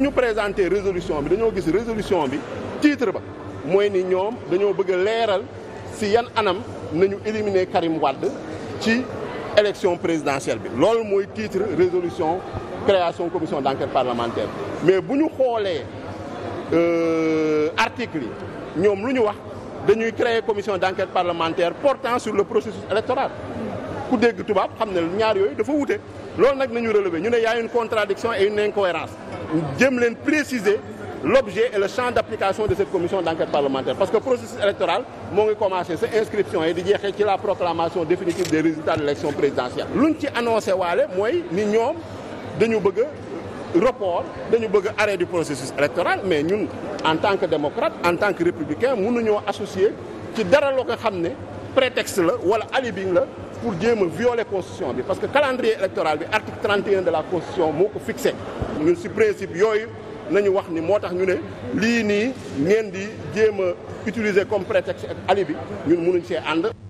ñu présenté résolution bi dañoo gis résolution bi titre ba mooy ni ñoom dañoo bëgg a leeral si yan anam nañu éliminer Karim Wade ci élection présidentielle bi loolu mooy tiitre résolution création commission d'enquête parlementaire mais bu ñu xoolee euh, article yi ñoom lu ñu wax dañuy créer commission d'enquête parlementaire portant sur le processus électoral ku dégg tubaab xam ne ñaar yooyu dafa wute loolu nag nañu relever ñu ne y a une contradiction et une incohérence jëm leen préciser l'objet et le champ d'application de cette commission d'enquête parlementaire parce que processus électoral moo ngi commencé sa inscription yi di jeexee ci la proclamation définitive des résultats de l'élection présidentielle luñ ci annoncé waale mooy ni ñoom dañu bëgg report dañu bëgg arrêt du processus électoral mais ñun en tant que démocrate en tant que républicain mënuñoo associer ci dara loo ko xam ne prétexte la wala alibi la pour jéem a violer constitution bi parce que calendrier électoral bi article 31 de la constitution mu ko fixé ñun si principe yooyu nañu wax ni moo tax ñu ne lii nii ngeen di jéem a utiliser comme prétexte ak bi ñun mënuñ see ànd